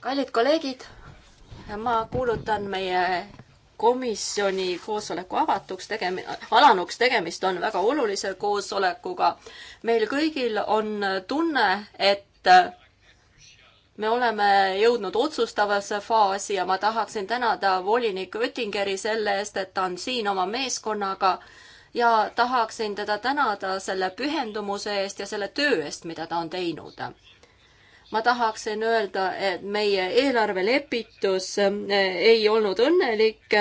kallid kolleegid, ma kuulutan meie komisjoni koosoleku avatuks tegemi-, alanuks, tegemist on väga olulise koosolekuga. meil kõigil on tunne, et me oleme jõudnud otsustavasse faasi ja ma tahaksin tänada volinik Oettingeri selle eest, et ta on siin oma meeskonnaga ja tahaksin teda tänada selle pühendumuse eest ja selle töö eest, mida ta on teinud ma tahaksin öelda, et meie eelarvelepitus äh, ei olnud õnnelik.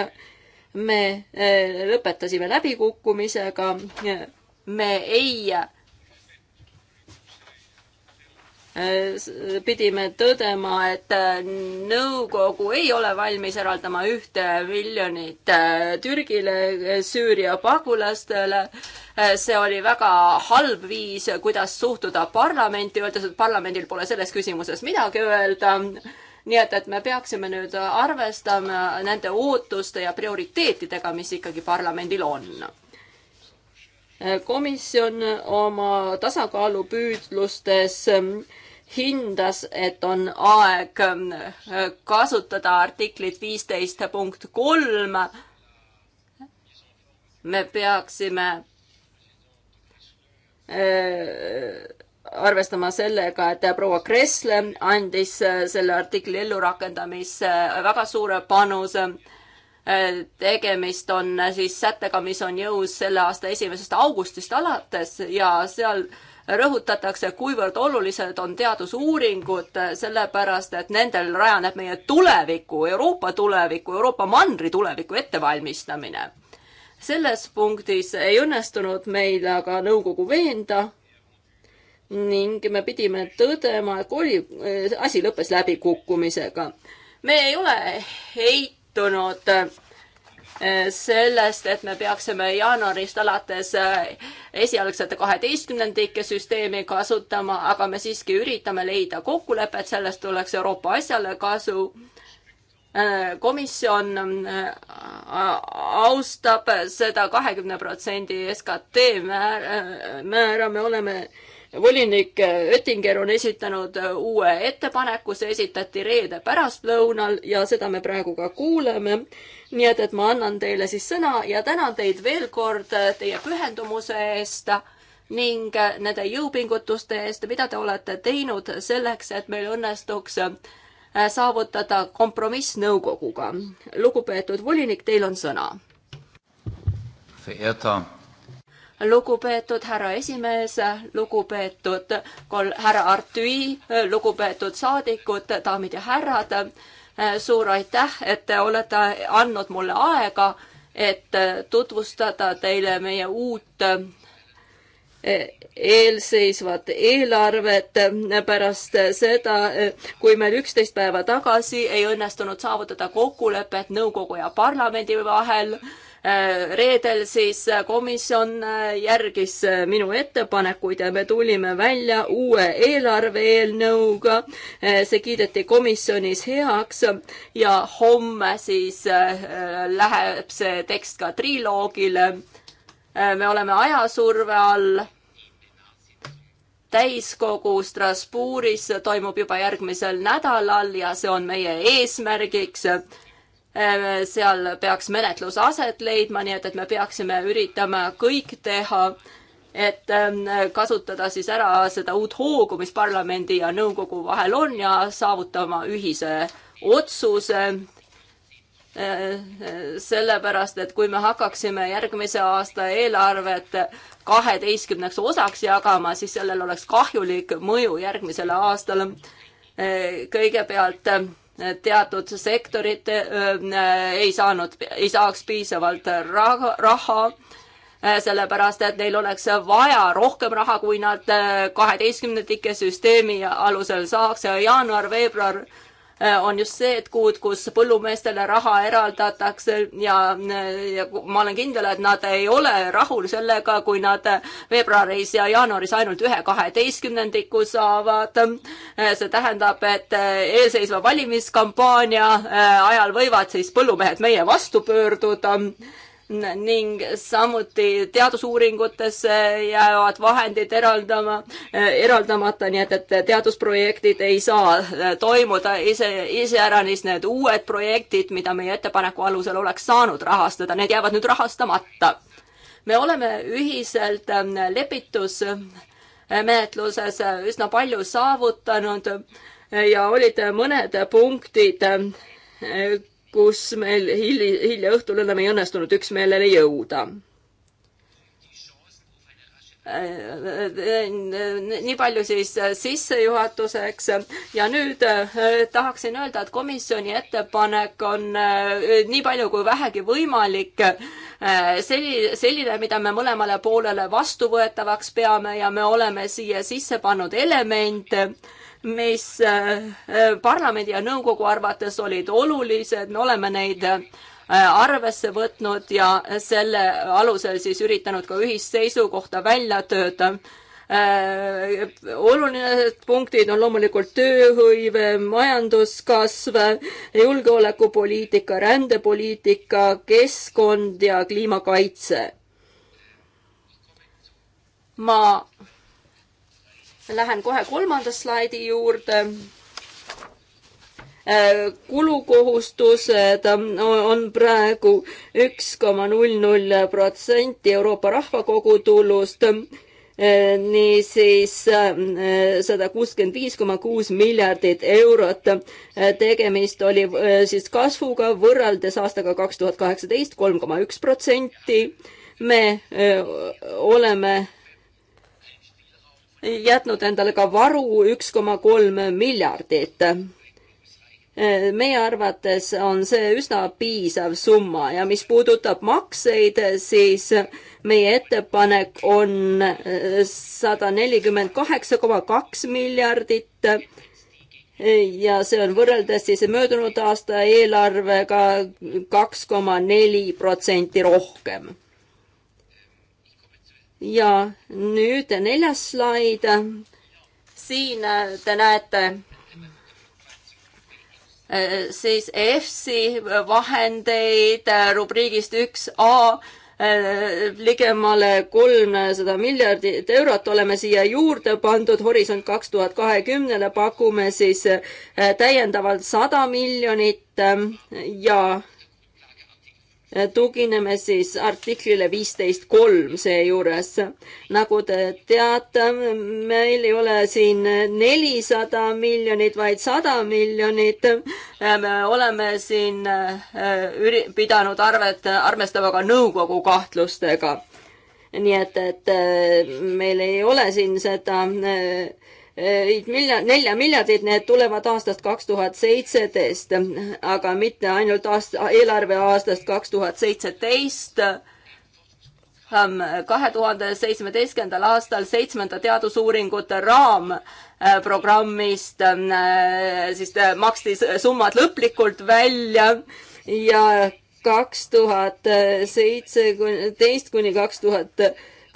me äh, lõpetasime läbikukkumisega. Äh, me ei Äh, pidime tõdema, et äh, nõukogu ei ole valmis eraldama ühte miljonit äh, Türgile, Süüria pagulastele. see oli väga halb viis, kuidas suhtuda parlamenti, öeldes, et parlamendil pole selles küsimuses midagi öelda nii et, et me peaksime nüüd arvestama nende ootuste ja prioriteetidega, mis ikkagi parlamendil on komisjon oma tasakaalupüüdlustes hindas, et on aeg ähm, kasutada artiklit viisteist punkt kolm. me peaksime äh, arvestama sellega, et proua Kressle andis äh, selle artikli ellurakendamisse äh, väga suure panuse. tegemist on siis sättega, mis on jõus selle aasta esimesest augustist alates ja seal äh, rõhutatakse, kuivõrd olulised on teadusuuringud, sellepärast et nendel rajaneb meie tuleviku, Euroopa tuleviku, Euroopa mandri tuleviku ettevalmistamine. selles punktis ei õnnestunud meil aga nõukogu veenda ning me pidime tõdema, et oli, asi lõppes läbikukkumisega. me ei ole heitunud Eh, sellest, et me peaksime jaanuarist alates eh, esialgsete kaheteistkümnendike süsteemi kasutama, aga me siiski üritame leida kokkulepet, sellest oleks Euroopa asjale kasu. Eh, komisjon austab seda kahekümne protsendi SKT määra, määra, me oleme volinik Oettinger on esitanud äh, uue ettepaneku, see esitati reede pärastlõunal ja seda me praegu ka kuuleme. nii et, et ma annan teile siis sõna ja tänan teid veel kord äh, teie pühendumuse eest ning äh, nende jõupingutuste eest, mida te olete teinud selleks, et meil õnnestuks saavutada kompromiss nõukoguga. lugupeetud volinik, teil on sõna. Verehrter lugupeetud härra esimees, lugupeetud kol-, härra Artüi, lugupeetud saadikud, daamid ja härrad, suur aitäh, et te olete andnud mulle aega, et tutvustada teile meie uut e, eelseisvat eelarvet pärast seda, kui meil üksteist päeva tagasi ei õnnestunud saavutada kokkulepet nõukogu ja parlamendi vahel reedel siis komisjon äh, järgis äh, minu ettepanekuid ja me tulime välja uue eelarve eelnõuga. Äh, see kiideti komisjonis heaks ja homme siis läheb see tekst ka triloogile. me oleme ajasurve all täiskogu Strasbourgis toimub juba järgmisel nädalal ja see on meie eesmärgiks Äh, seal peaks menetlus aset leidma, nii et, et me peaksime üritama kõik teha, et ähm, kasutada siis ära seda uut hoogu, mis parlamendi ja nõukogu vahel on ja saavutama ühise otsuse äh, äh, sellepärast, et kui me hakkaksime järgmise aasta eelarvet kaheteistkümneks osaks jagama, siis sellel oleks kahjulik mõju järgmisele aastale. kõigepealt teatud sektorid äh, ei saanud, ei saaks piisavalt raha, raha, äh, sellepärast et neil oleks vaja rohkem raha, kui nad äh, kaheteistkümnendike süsteemi alusel saaks ja jaanuar-veebruar Äh, on just see, et kuud, kus põllumeestele raha eraldatakse ja, ja ma olen kindel, et nad ei ole rahul sellega, kui nad veebruaris ja jaanuaris ainult ühe kaheteistkümnendiku saavad. Äh, see tähendab, et äh, eelseisva valimiskampaania ajal võivad siis põllumehed meie vastu pöörduda ning samuti teadusuuringutesse jäävad vahendid eraldama, eraldamata, nii et, et teadusprojektid ei saa toimuda ise, iseäranis need uued projektid, mida meie ettepaneku alusel oleks saanud rahastada, need jäävad nüüd rahastamata. me oleme ühiselt ähm, lepitus menetluses äh, üsna palju saavutanud äh, ja olid mõned punktid, äh, kus meil hili-, hilja õhtul enam ei õnnestunud üksmeelele jõuda nii palju siis sissejuhatuseks ja nüüd äh, tahaksin öelda, et komisjoni ettepanek on äh, nii palju kui vähegi võimalik äh, selline, selline, mida me mõlemale poolele vastuvõetavaks peame ja me oleme siia sisse pannud elemente, mis äh, äh, parlamendi ja nõukogu arvates olid olulised, me oleme neid äh, arvesse võtnud ja selle alusel siis üritanud ka ühist seisukohta välja töötada. oluline punktid on loomulikult tööhõive, majanduskasv, julgeolekupoliitika, rändepoliitika, keskkond ja kliimakaitse. ma Lähen kohe kolmanda slaidi juurde äh, kulukohustused äh, on praegu üks koma null null protsenti Euroopa rahvakogutulust, äh, niisiis sada kuuskümmend viis koma kuus miljardit eurot. tegemist oli siis kasvuga võrreldes aastaga kaks tuhat kaheksateist kolm koma üks protsenti. me oleme jätnud endale ka varu üks koma kolm miljardit. meie arvates on see üsna piisav summa ja mis puudutab makseid, siis meie ettepanek on sada nelikümmend kaheksa koma kaks miljardit ja see on võrreldes siis möödunud aasta eelarvega kaks koma neli protsenti rohkem ja nüüd neljas slaid. siin äh, te näete äh, siis EFSI vahendeid äh, rubriigist üks A ligemale kolmsada miljardit eurot oleme siia juurde pandud, Horisont kaks tuhat kahekümnele pakume siis täiendavalt sada miljonit ja tugineme siis artiklile viisteist kolm seejuures. nagu te teate, meil ei ole siin nelisada miljonit, vaid sada miljonit. me oleme siin äh, üri-, pidanud arvet, arvestama ka nõukogu kahtlustega. nii et, et äh, meil ei ole siin seda äh, miljon, nelja miljardit, need tulevad aastast kaks tuhat seitseteist, aga mitte ainult aasta, eelarve aastast kaks tuhat seitseteist kahe tuhande seitsmeteistkümnendal aastal seitsmenda teadusuuringute raamprogrammist äh, äh, siis äh, maksti summad lõplikult välja ja kaks tuhat seitseteist kuni kaks tuhat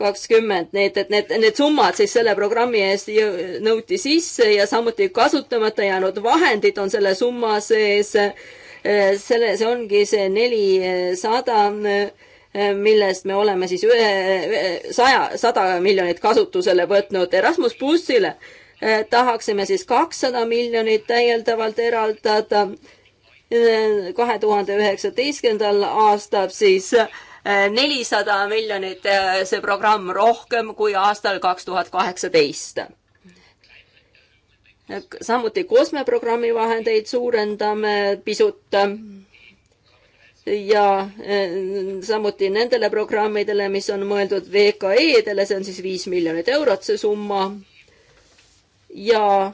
kakskümmend, need, et need, need summad siis selle programmi eest nõuti sisse ja samuti kasutamata jäänud vahendid on selle summa sees. Äh, selle, see ongi see nelisada, äh, millest me oleme siis ühe, saja, sada miljonit kasutusele võtnud Erasmus bussile äh, tahaksime siis kakssada miljonit täiendavalt eraldada kahe tuhande üheksateistkümnendal aastal siis nelisada miljonit äh, see programm rohkem kui aastal kaks tuhat kaheksateist. samuti COSME programmi vahendeid suurendame pisut ja äh, samuti nendele programmidele, mis on mõeldud VKE-dele, see on siis viis miljonit eurot, see summa. ja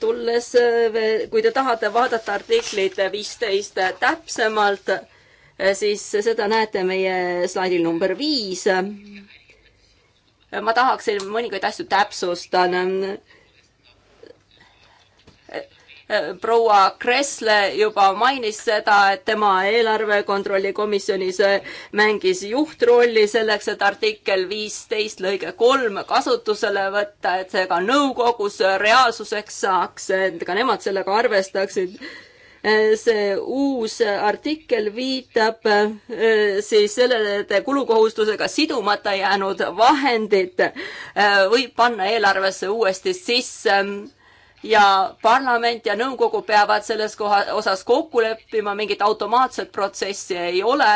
tulles, eh, kui te tahate vaadata artiklit viisteist täpsemalt, eh, siis seda näete meie slaidil number viis. ma tahaksin mõningaid asju täpsustada proua Kressle juba mainis seda, et tema eelarve kontrolli komisjonis mängis juhtrolli selleks, et artikkel viisteist lõige kolm kasutusele võtta, et see ka nõukogus reaalsuseks saaks, et ka nemad sellega arvestaksid see uus artikkel viitab eh, siis sellele, et kulukohustusega sidumata jäänud vahendid eh, võib panna eelarvesse uuesti sisse ja parlament ja nõukogu peavad selles koha, osas kokku leppima, mingit automaatset protsessi ei ole,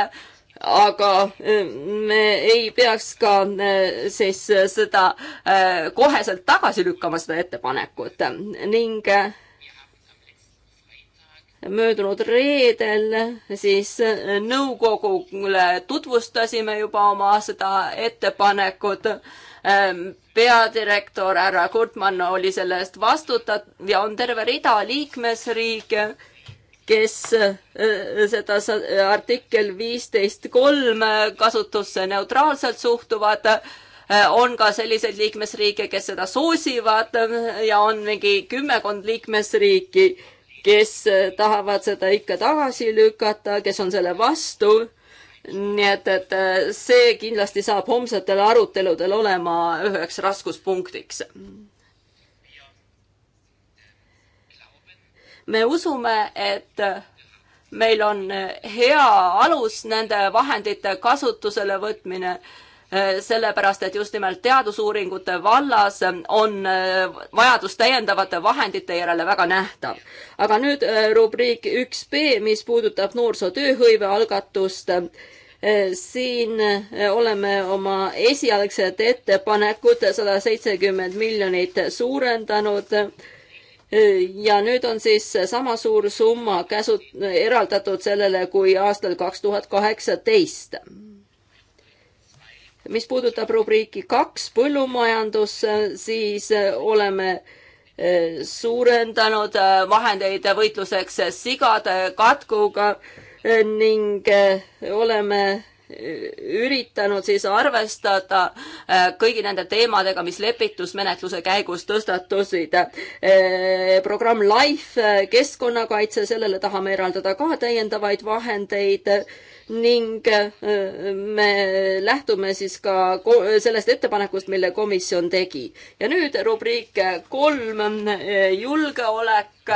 aga äh, me ei peaks ka äh, siis seda äh, koheselt tagasi lükkama, seda ettepanekut ning möödunud reedel siis nõukogule tutvustasime juba oma seda ettepanekut peadirektor härra Kurtmann oli selle eest vastutav ja on terve rida liikmesriike, kes äh, seda artikkel viisteist kolm kasutusse neutraalselt suhtuvad. Äh, on ka selliseid liikmesriike, kes seda soosivad äh, ja on mingi kümmekond liikmesriiki, kes tahavad seda ikka tagasi lükata, kes on selle vastu nii et, et äh, see kindlasti saab homsetel aruteludel olema üheks raskuspunktiks. me usume, et meil on hea alus nende vahendite kasutusele võtmine Äh, sellepärast et just nimelt teadusuuringute vallas äh, on äh, vajadus täiendavate vahendite järele väga nähtav. aga nüüd rubriik üks B, mis puudutab noorsootööhõive algatust siin oleme oma esialgsed ettepanekud sada seitsekümmend miljonit suurendanud. ja nüüd on siis sama suur summa käsu-, eraldatud sellele kui aastal kaks tuhat kaheksateist mis puudutab rubriiki kaks, põllumajandus, siis äh, oleme äh, suurendanud äh, vahendeid võitluseks sigade katkuga ning oleme üritanud siis arvestada kõigi nende teemadega, mis lepitusmenetluse käigus tõstatusid. programm LIFE keskkonnakaitse, sellele tahame eraldada ka täiendavaid vahendeid ning äh, me lähtume siis ka sellest ettepanekust, mille komisjon tegi. ja nüüd rubriik kolm, äh, julgeolek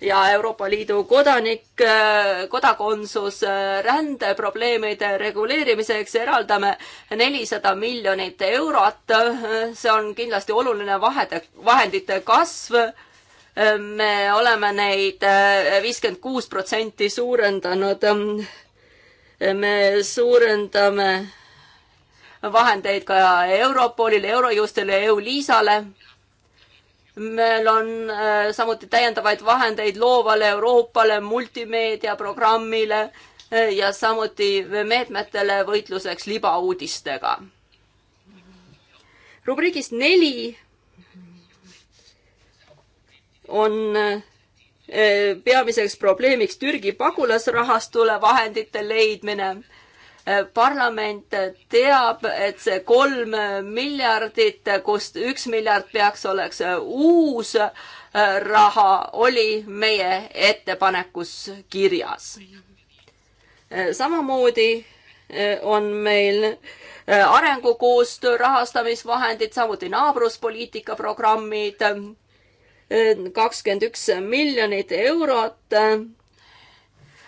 ja Euroopa Liidu kodanik, äh, kodakondsus rändeprobleemide reguleerimiseks eraldame nelisada miljonit eurot. see on kindlasti oluline vahede, vahendite kasv me oleme neid viiskümmend kuus protsenti suurendanud me suurendame vahendeid ka Europolile, Eurojustile, EU-Liisale. meil on äh, samuti täiendavaid vahendeid loovale Euroopale, multimeediaprogrammile äh, ja samuti meetmetele võitluseks libauudistega. rubriigis neli on äh, Eh, peamiseks probleemiks Türgi pagulasrahastule vahendite leidmine. Eh, parlament teab, et see kolm miljardit, kust üks miljard peaks oleks eh, uus raha, oli meie ettepanekus kirjas. samamoodi on meil arengukoostöö rahastamisvahendid, samuti naabruspoliitika programmid Äh, kakskümmend üks miljonit eurot.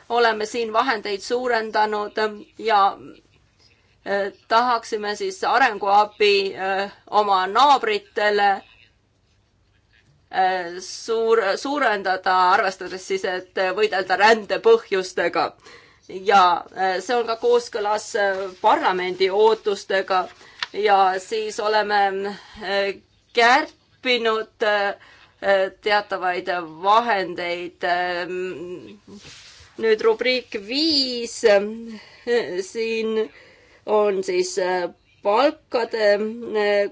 oleme siin vahendeid suurendanud ja äh, tahaksime siis arenguabi äh, oma naabritele suur, suurendada, arvestades siis, et võidelda rände põhjustega. ja see on ka kooskõlas parlamendi ootustega ja siis oleme kärpinud äh, Äh, teatavaid vahendeid. Ähm, nüüd rubriik viis, äh, siin on siis äh, palkade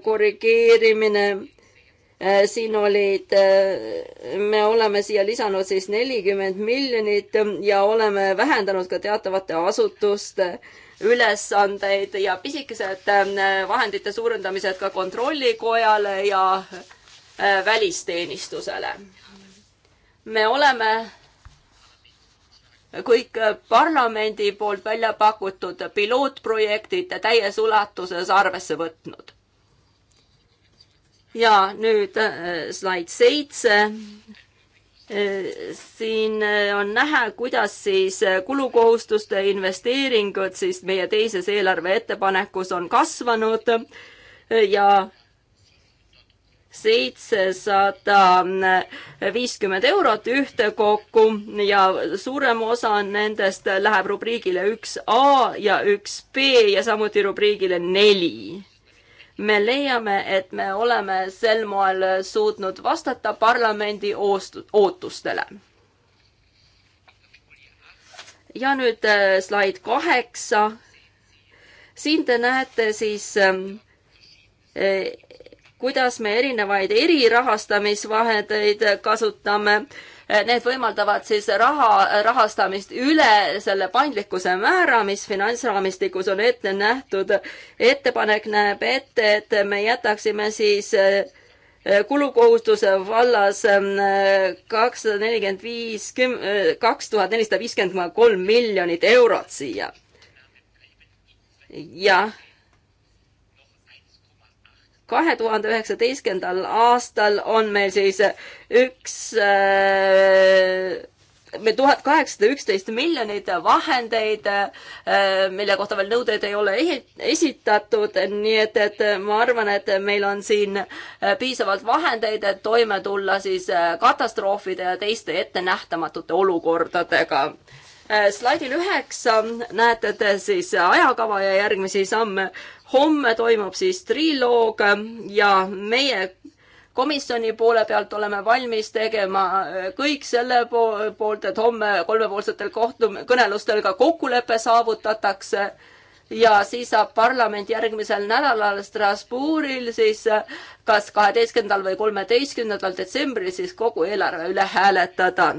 korrigeerimine siin olid, me oleme siia lisanud siis nelikümmend miljonit ja oleme vähendanud ka teatavate asutuste ülesandeid ja pisikesed vahendite suurendamised ka kontrollikojale ja Äh, välisteenistusele. me oleme kõik parlamendi poolt välja pakutud pilootprojektid täies ulatuses arvesse võtnud. ja nüüd äh, slaid seitse. Äh, siin on näha, kuidas siis kulukohustuste investeeringud siis meie teises eelarve ettepanekus on kasvanud ja seitsesada viiskümmend eurot ühtekokku ja suurem osa nendest läheb rubriigile üks A ja üks B ja samuti rubriigile neli. me leiame, et me oleme sel moel suutnud vastata parlamendi ootustele. ja nüüd äh, slaid kaheksa. siin te näete siis ähm, äh, kuidas me erinevaid erirahastamisvahendeid kasutame. Need võimaldavad siis raha rahastamist üle selle paindlikkuse määra, mis finantsraamistikus on ette nähtud. ettepanek näeb ette, et me jätaksime siis eh, kulukohustuse vallas mm, kakssada nelikümmend viis, eh, kaks tuhat nelisada viiskümmend koma kolm miljonit eurot siia. jah kahe tuhande üheksateistkümnendal aastal on meil siis üks äh, me tuhat kaheksasada üksteist miljonit vahendeid, äh, mille kohta veel nõudeid ei ole esitatud, nii et, et ma arvan, et meil on siin äh, piisavalt vahendeid, et toime tulla siis katastroofide ja teiste ettenähtamatute olukordadega slaidil üheksa näete te siis ajakava ja järgmisi samme homme toimub siis triloog ja meie komisjoni poole pealt oleme valmis tegema äh, kõik selle poolt, et homme kolmepoolsetel kohtum-, kõnelustel ka kokkulepe saavutatakse ja siis saab parlament järgmisel nädalal Strasbourgil siis kas kaheteistkümnendal või kolmeteistkümnendal detsembril siis kogu eelarve üle hääletada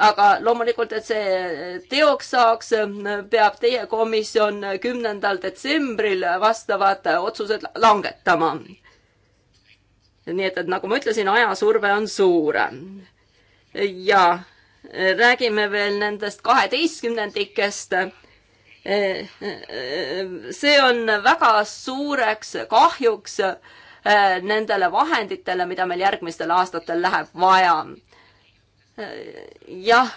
aga loomulikult, et see teoks saaks, peab teie komisjon kümnendal detsembril vastavad otsused langetama. nii et, et nagu ma ütlesin, ajasurve on suur. ja räägime veel nendest kaheteistkümnendikest see on väga suureks kahjuks nendele vahenditele, mida meil järgmistel aastatel läheb vaja jah,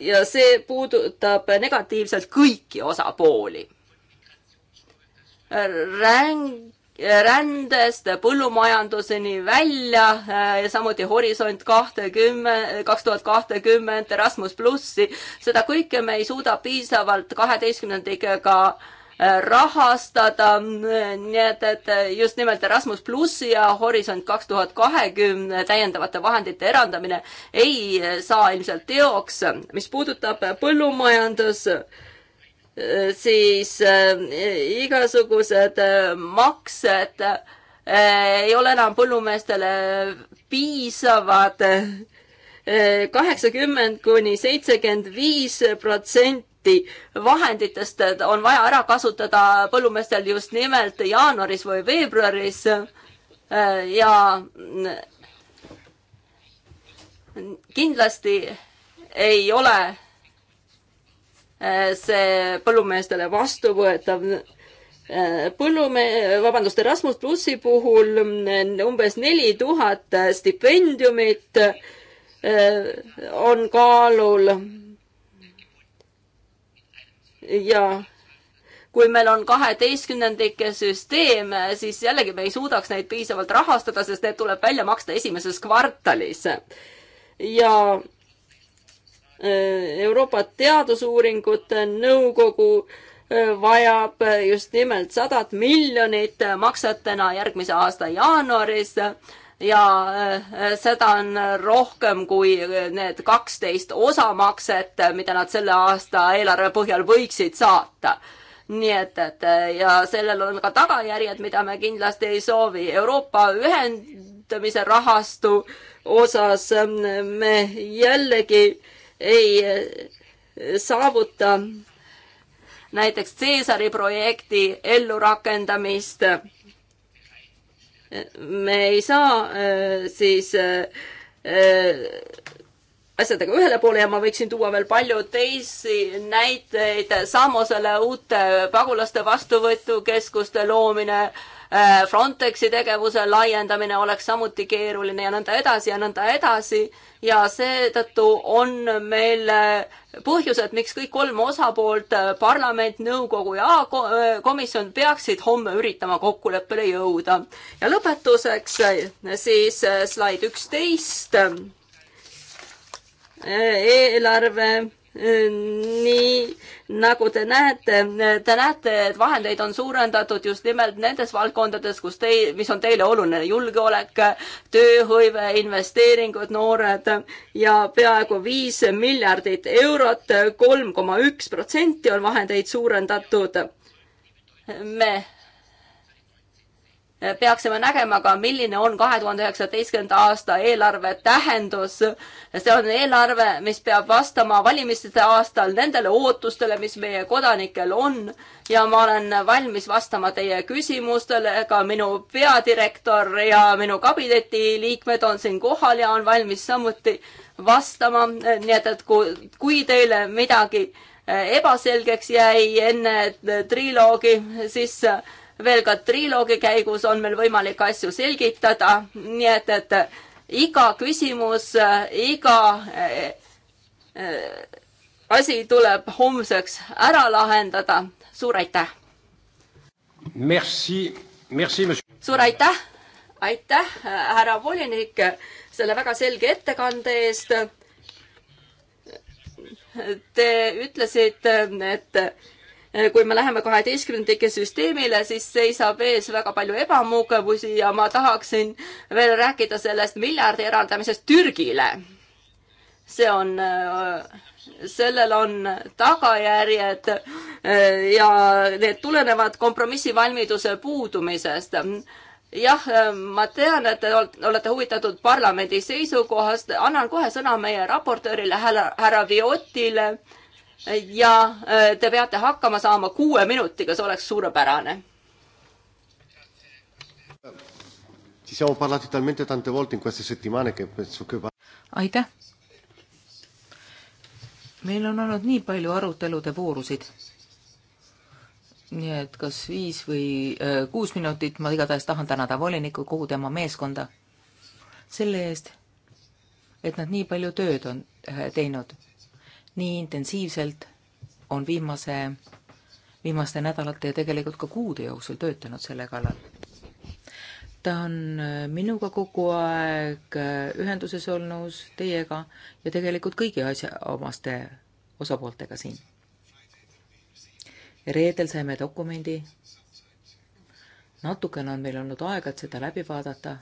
ja see puudutab negatiivselt kõiki osapooli. räng, rändest põllumajanduseni välja ja samuti Horisont kahtekümmend, kaks tuhat kahtekümmend, Erasmus plussi, seda kõike me ei suuda piisavalt kaheteistkümnendikega äh, rahastada, nii et, et just nimelt Erasmus pluss ja Horisont kaks tuhat kahekümne täiendavate vahendite erandamine ei saa ilmselt teoks. mis puudutab põllumajandus, siis eh, igasugused eh, maksed eh, ei ole enam põllumeestele piisavad kaheksakümmend kuni seitsekümmend viis protsenti protsenti vahenditest on vaja ära kasutada põllumeestel just nimelt jaanuaris või veebruaris äh, ja mm, kindlasti ei ole äh, see põllumeestele vastuvõetav äh, põllumehe, vabandust, Erasmus plussi puhul mm, umbes neli tuhat stipendiumit on kaalul ja kui meil on kaheteistkümnendike süsteem, siis jällegi me ei suudaks neid piisavalt rahastada, sest need tuleb välja maksta esimeses kvartalis. ja äh, Euroopa Teadusuuringute Nõukogu äh, vajab äh, just nimelt sadat miljonit maksetena järgmise aasta jaanuaris ja äh, seda on rohkem kui need kaksteist osamakset, mida nad selle aasta eelarve põhjal võiksid saata nii et, et ja sellel on ka tagajärjed, mida me kindlasti ei soovi. Euroopa ühendamise rahastu osas ähm, me jällegi ei äh, saavuta näiteks Caesari projekti ellurakendamist me ei saa äh, siis äh, äh, asjadega ühele poole ja ma võiksin tuua veel palju teisi näiteid. Samosele uute pagulaste vastuvõtukeskuste loomine, äh, Frontexi tegevuse laiendamine oleks samuti keeruline ja nõnda edasi ja nõnda edasi. ja seetõttu on meil äh, põhjused, miks kõik kolm osapoolt, äh, parlament, nõukogu ja komisjon peaksid homme üritama kokkuleppele jõuda. ja lõpetuseks siis slaid üksteist eelarve e, nii nagu te näete, te näete, et vahendeid on suurendatud just nimelt nendes valdkondades, kus tei-, mis on teile oluline, julgeolek, tööhõive, investeeringud, noored ja peaaegu viis miljardit eurot, kolm koma üks protsenti on vahendeid suurendatud. me peaksime nägema ka, milline on kahe tuhande üheksateistkümnenda aasta eelarve tähendus. see on eelarve, mis peab vastama valimiste aastal nendele ootustele, mis meie kodanikel on ja ma olen valmis vastama teie küsimustele, ka minu peadirektor ja minu kabineti liikmed on siin kohal ja on valmis samuti vastama, nii et, et kui, kui teile midagi ebaselgeks jäi enne triloogi, siis äh, veel ka triloogi käigus on meil võimalik asju selgitada, nii et, et iga küsimus, iga eh, eh, asi tuleb homseks ära lahendada. suur aitäh! Merci, merci, monsieur. suur aitäh, aitäh, härra volinik, selle väga selge ettekande eest. Te ütlesite, et Eh, kui me läheme kaheteistkümnendike süsteemile, siis seisab ees väga palju ebamugavusi ja ma tahaksin veel rääkida sellest miljardi eraldamisest Türgile. see on, eh, sellel on tagajärjed eh, ja need tulenevad kompromissivalmiduse puudumisest jah, ma tean, et te olete huvitatud parlamendi seisukohast, annan kohe sõna meie raportöörile härra, härra Viotile ja äh, te peate hakkama saama kuue minutiga, see oleks suurepärane. aitäh. meil on olnud nii palju arutelude voorusid. nii et kas viis või äh, kuus minutit, ma igatahes tahan tänada volinikku, kogu tema meeskonda selle eest, et nad nii palju tööd on äh, teinud nii intensiivselt on viimase, viimaste nädalate ja tegelikult ka kuude jooksul töötanud selle kallal. ta on äh, minuga kogu aeg äh, ühenduses olnud, teiega ja tegelikult kõigi asjaomaste osapooltega siin. reedel saime dokumendi. natukene on meil olnud aega, et seda läbi vaadata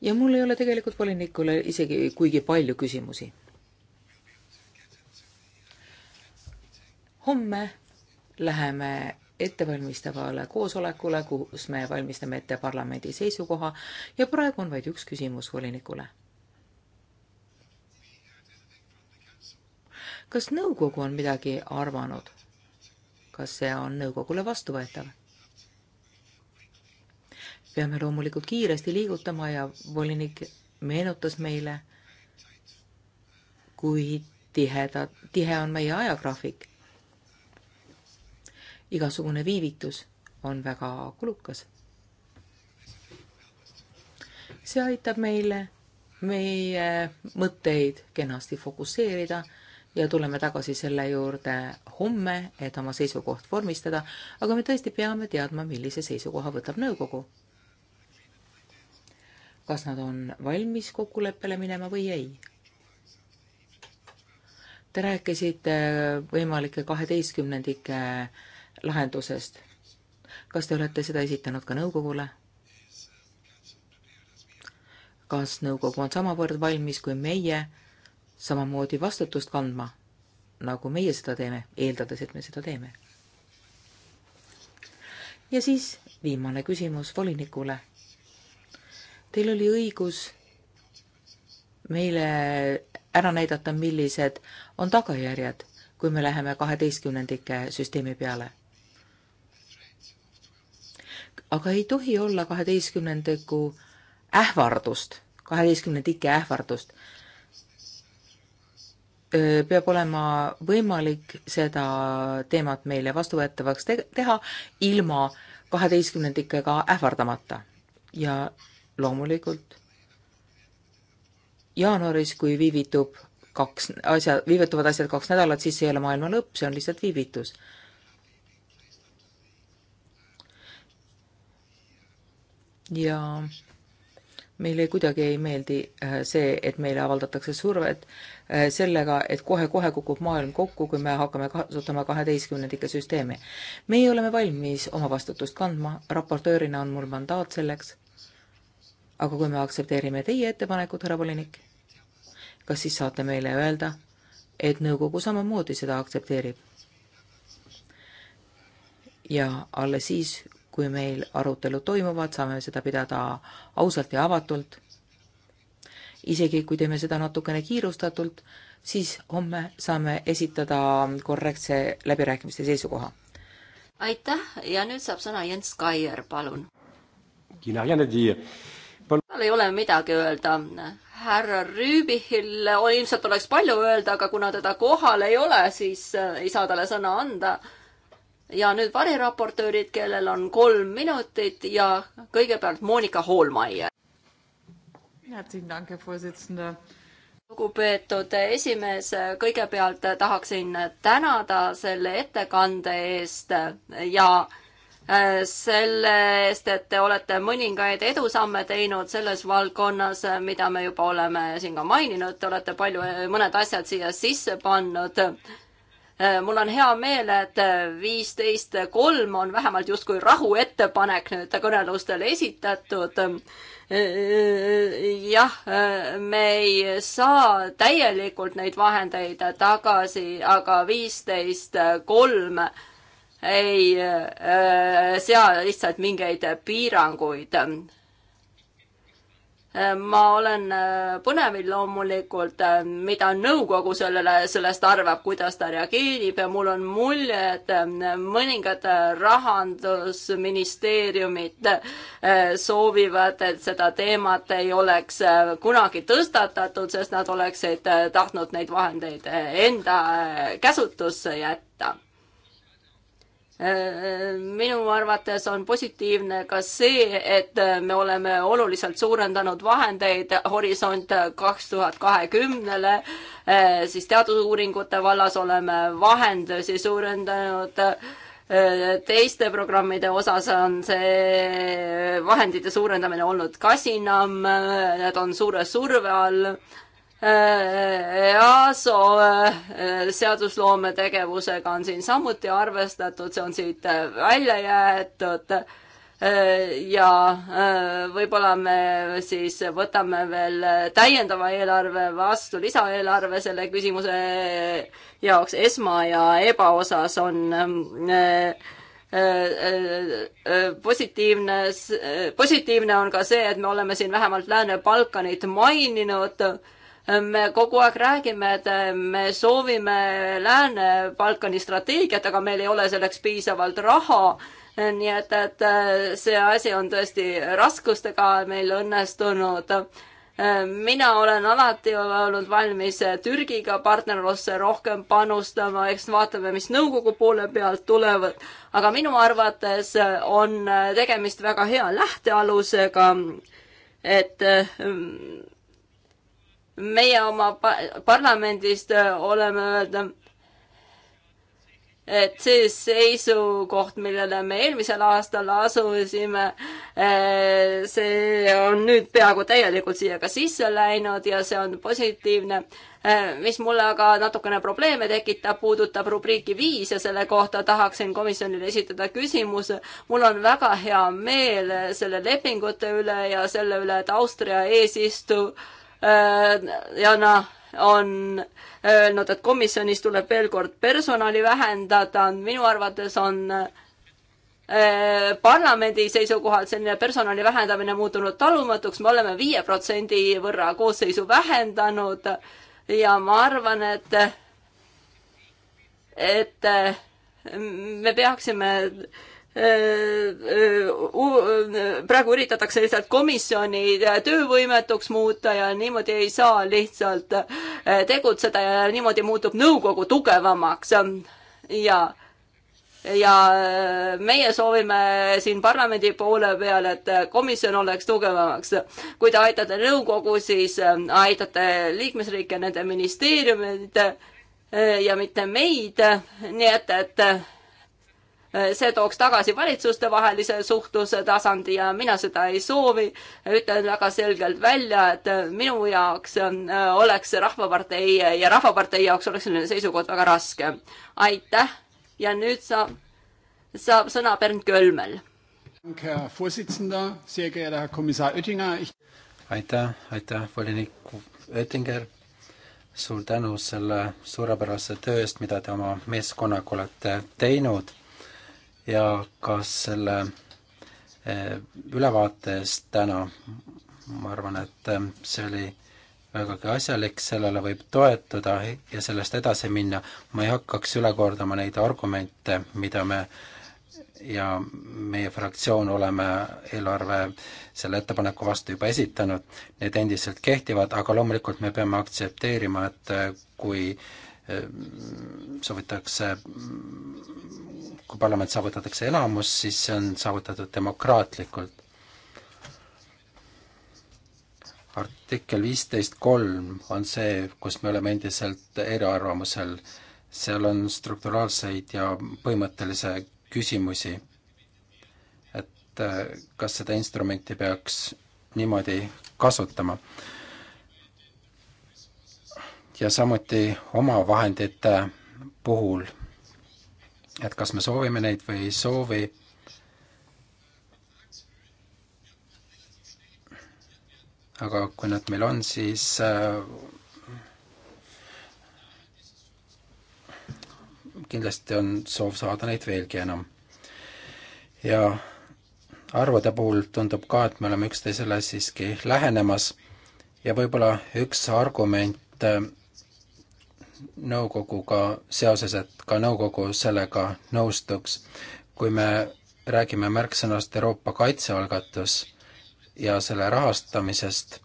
ja mul ei ole tegelikult volinikule isegi kuigi palju küsimusi homme läheme ettevalmistavale koosolekule, kus me valmistame ette parlamendi seisukoha ja praegu on vaid üks küsimus volinikule. kas nõukogu on midagi arvanud? kas see on nõukogule vastuvõetav? peame loomulikult kiiresti liigutama ja volinik meenutas meile, kui tiheda, tihe on meie ajagraafik igasugune viivitus on väga kulukas. see aitab meile meie mõtteid kenasti fokusseerida ja tuleme tagasi selle juurde homme, et oma seisukoht vormistada, aga me tõesti peame teadma, millise seisukoha võtab nõukogu. kas nad on valmis kokkuleppele minema või ei? Te rääkisite võimalike kaheteistkümnendike äh, lahendusest. kas te olete seda esitanud ka nõukogule? kas nõukogu on samavõrd valmis kui meie samamoodi vastutust kandma, nagu meie seda teeme, eeldades, et me seda teeme? ja siis viimane küsimus volinikule. Teil oli õigus meile ära näidata, millised on tagajärjed, kui me läheme kaheteistkümnendike süsteemi peale aga ei tohi olla kaheteistkümnendiku ähvardust, kaheteistkümnendike ähvardust. peab olema võimalik seda teemat meile vastuvõetavaks te teha ilma kaheteistkümnendikega ähvardamata ja loomulikult jaanuaris, kui viivitub kaks asja, viivituvad asjad kaks nädalat, siis ei ole maailma lõpp, see on lihtsalt viivitus ja meile kuidagi ei meeldi äh, see, et meile avaldatakse survet äh, sellega, et kohe-kohe kukub maailm kokku, kui me hakkame kasutama kaheteistkümnendike süsteemi. meie oleme valmis oma vastutust kandma, raportöörina on mul mandaat selleks. aga kui me aktsepteerime teie ettepanekut, härra volinik, kas siis saate meile öelda, et nõukogu samamoodi seda aktsepteerib? ja alles siis, kui meil arutelud toimuvad, saame seda pidada ausalt ja avatult. isegi kui teeme seda natukene kiirustatult, siis homme saame esitada korrektse läbirääkimiste seisukoha. aitäh ja nüüd saab sõna Jens Kaier, palun. tal ei ole midagi öelda. härra Rüübihil ilmselt oleks palju öelda, aga kuna teda kohal ei ole, siis äh, ei saa talle sõna anda ja nüüd variraportöörid, kellel on kolm minutit ja kõigepealt Monika Hoolmaier. lugupeetud esimees, kõigepealt tahaksin tänada selle ettekande eest ja äh, selle eest, et te olete mõningaid edusamme teinud selles valdkonnas, mida me juba oleme siin ka maininud, te olete palju, mõned asjad siia sisse pannud Äh, mul on hea meel, et äh, viisteist kolm on vähemalt justkui rahuettepanek nüüd kõnelustele esitatud. Äh, jah, me ei saa täielikult neid vahendeid tagasi, aga viisteist kolm ei sea lihtsalt mingeid piiranguid ma olen äh, põnevil loomulikult, äh, mida nõukogu sellele, sellest arvab, kuidas ta reageerib ja mul on mulje, et äh, mõningad rahandusministeeriumid soovivad, et seda teemat ei oleks kunagi tõstatatud, sest nad oleksid tahtnud neid vahendeid enda käsutusse jätta minu arvates on positiivne ka see, et me oleme oluliselt suurendanud vahendeid Horisont kaks tuhat kahekümnele, siis teadusuuringute vallas oleme vahendusi suurendanud, teiste programmide osas on see vahendite suurendamine olnud kasinam, need on suure surve all EASO äh, seadusloome tegevusega on siin samuti arvestatud, see on siit välja jäetud äh, ja äh, võib-olla me siis võtame veel täiendava eelarve vastu, lisaeelarve selle küsimuse jaoks esma ja eba osas on positiivne, positiivne on ka see, et me oleme siin vähemalt Lääne-Balkanit maininud me kogu aeg räägime, et me soovime Lääne-Balkani strateegiat, aga meil ei ole selleks piisavalt raha. nii et, et äh, see asi on tõesti raskustega meil õnnestunud äh, mina olen alati olnud valmis Türgiga partnerlusse rohkem panustama, eks vaatame, mis nõukogu poole pealt tulevad. aga minu arvates on tegemist väga hea lähtealusega, et äh, meie oma parlamendist äh, oleme öelnud, et see seisukoht, millele me eelmisel aastal asusime, äh, see on nüüd peaaegu täielikult siia ka sisse läinud ja see on positiivne. Äh, mis mulle aga natukene probleeme tekitab, puudutab rubriiki viis ja selle kohta tahaksin komisjonile esitada küsimuse. mul on väga hea meel selle lepingute üle ja selle üle, et Austria eesistuja Äh, ja noh, on öelnud, et komisjonis tuleb veel kord personali vähendada, minu arvates on äh, parlamendi seisukohalt selline personali vähendamine muutunud talumatuks, me oleme viie protsendi võrra koosseisu vähendanud ja ma arvan, et, et äh, me peaksime Äh, äh, äh, praegu üritatakse lihtsalt komisjoni töövõimetuks muuta ja niimoodi ei saa lihtsalt tegutseda ja niimoodi muutub nõukogu tugevamaks. ja, ja meie soovime siin parlamendi poole peal, et komisjon oleks tugevamaks. kui te aitate nõukogu, siis aitate liikmesriike, nende ministeeriumid ja mitte meid, nii et, et Eh, see tooks tagasi valitsustevahelise suhtluse tasandi ja mina seda ei soovi. ütlen väga selgelt välja, et eh, minu jaoks eh, oleks Rahvapartei ja Rahvapartei jaoks oleks selline seisukoht väga raske. aitäh ja nüüd saab, saab sõna Bernd Kölmel. aitäh, aitäh, volinik Oettinger suur tänu selle suurepärase töö eest, mida te oma meeskonnaga olete teinud ja kas selle eh, ülevaate eest täna, ma arvan, et eh, see oli vägagi asjalik, sellele võib toetuda ja sellest edasi minna. ma ei hakkaks üle kordama neid argumente, mida me ja meie fraktsioon oleme eelarve selle ettepaneku vastu juba esitanud, need endiselt kehtivad, aga loomulikult me peame aktsepteerima, et eh, kui äh, Ehm, soovitakse, kui parlament saavutatakse enamus, siis see on saavutatud demokraatlikult. artikkel viisteist kolm on see, kus me oleme endiselt eriarvamusel. seal on strukturaalseid ja põhimõttelisi küsimusi, et eh, kas seda instrumenti peaks niimoodi kasutama ja samuti omavahendite puhul, et kas me soovime neid või ei soovi aga kui nad meil on, siis äh, kindlasti on soov saada neid veelgi enam. ja arvude puhul tundub ka, et me oleme üksteisele siiski lähenemas ja võib-olla üks argument, äh, nõukoguga seoses, et ka nõukogu sellega nõustuks. kui me räägime märksõnast Euroopa kaitsealgatus ja selle rahastamisest,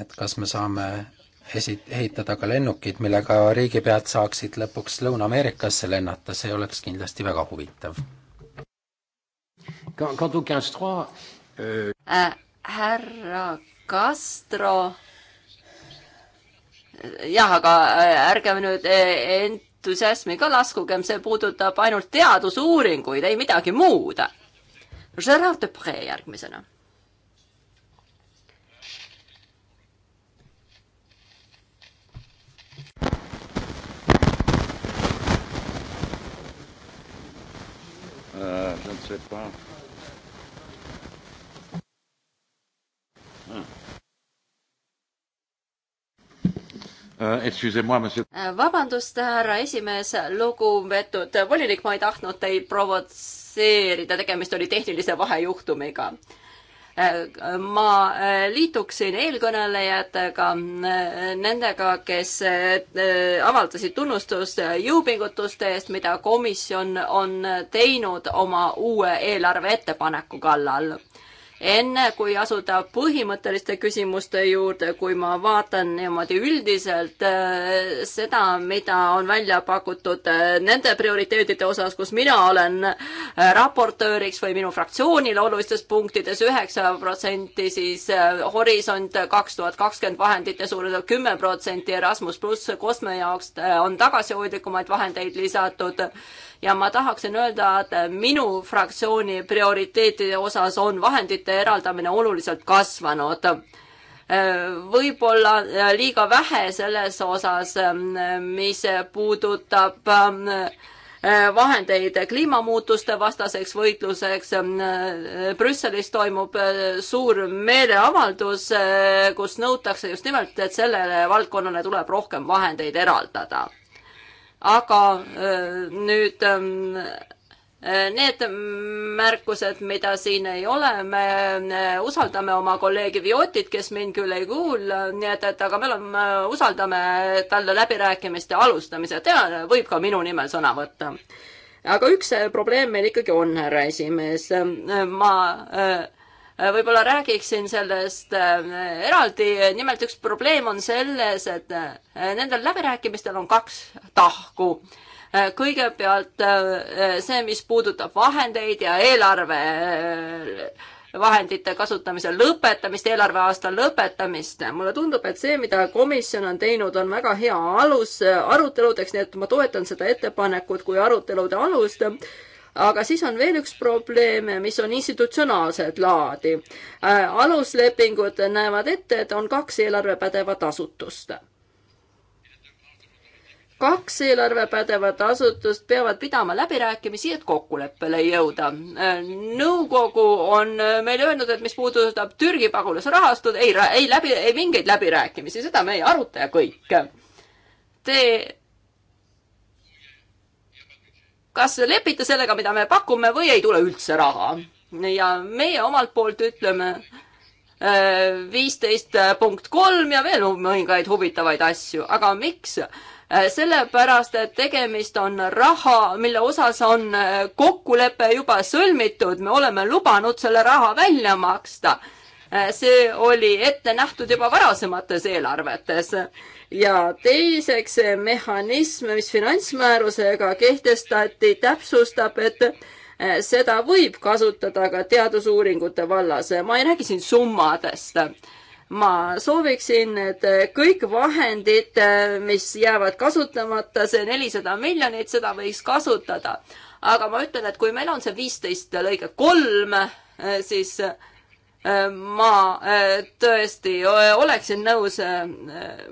et kas me saame esi-, ehitada ka lennukid, millega riigipead saaksid lõpuks Lõuna-Ameerikasse lennata, see oleks kindlasti väga huvitav. Euh äh, härra Castro jah, aga äh, ärgem nüüd äh, entusiasmi ka laskugem, see puudutab ainult teadusuuringuid, ei midagi muud. Gerard Depre järgmisena. Euh, je ne sais pas. Ah. Äh, äh, vabandust, härra esimees, lugupeetud volinik, ma ei tahtnud teid provotseerida, tegemist oli tehnilise vahejuhtumiga. Äh, ma liituksin eelkõnelejatega, nendega, kes avaldasid tunnustust jõupingutuste eest, mida komisjon on teinud oma uue eelarve ettepaneku kallal enne kui asuda põhimõtteliste küsimuste juurde, kui ma vaatan niimoodi üldiselt äh, seda, mida on välja pakutud äh, nende prioriteetide osas, kus mina olen äh, raportööriks või minu fraktsioonil olulistes punktides üheksa protsenti, siis Horisont kaks tuhat kakskümmend vahendite suurusel kümme protsenti, Erasmus pluss kosme jaoks on tagasihoidlikumaid vahendeid lisatud ja ma tahaksin öelda, et minu fraktsiooni prioriteetide osas on vahendite vahendite eraldamine oluliselt kasvanud võib-olla äh, liiga vähe selles osas, äh, mis puudutab äh, vahendeid kliimamuutuste vastaseks võitluseks. Brüsselis toimub suur meeleavaldus, kus nõutakse just nimelt, et sellele valdkonnale tuleb rohkem vahendeid eraldada. aga nüüd ähm, Äh, need märkused, mida siin ei ole, me äh, usaldame oma kolleegi Viotit, kes mind küll ei kuula, nii et, et aga me oleme, usaldame talle läbirääkimiste alustamise, ta võib ka minu nimel sõna võtta. aga üks äh, probleem meil ikkagi on, härra esimees, ma võib-olla räägiksin sellest eraldi, nimelt üks probleem on selles, et nendel läbirääkimistel on kaks tahku Äh, kõigepealt äh, see, mis puudutab vahendeid ja eelarve äh, vahendite kasutamise lõpetamist, eelarveaasta lõpetamist. mulle tundub, et see, mida komisjon on teinud, on väga hea alus aruteludeks, nii et ma toetan seda ettepanekut kui arutelude alust aga siis on veel üks probleem, mis on institutsionaalsed laadi. aluslepingud näevad ette, et on kaks eelarvepädevat asutust kaks eelarvepädevat asutust peavad pidama läbirääkimisi, et kokkuleppele jõuda. nõukogu on meile öelnud, et mis puudutab Türgi pagulasrahastut, ei, ei läbi, ei mingeid läbirääkimisi, seda me ei aruta ja kõik. Te kas lepite sellega, mida me pakume või ei tule üldse raha? ja meie omalt poolt ütleme äh, viisteist punkt kolm ja veel mõningaid huvitavaid asju, aga miks Äh, sellepärast et tegemist on raha, mille osas on äh, kokkulepe juba sõlmitud, me oleme lubanud selle raha välja maksta. Äh, see oli ette nähtud juba varasemates eelarvetes ja teiseks mehhanism, mis finantsmäärusega kehtestati, täpsustab, et seda võib kasutada ka teadusuuringute vallas. ma ei räägi siin summadest ma sooviksin, et kõik vahendid, mis jäävad kasutamata, see nelisada miljonit, seda võiks kasutada. aga ma ütlen, et kui meil on see viisteist lõige kolm, siis eh, ma eh, tõesti oleksin nõus eh,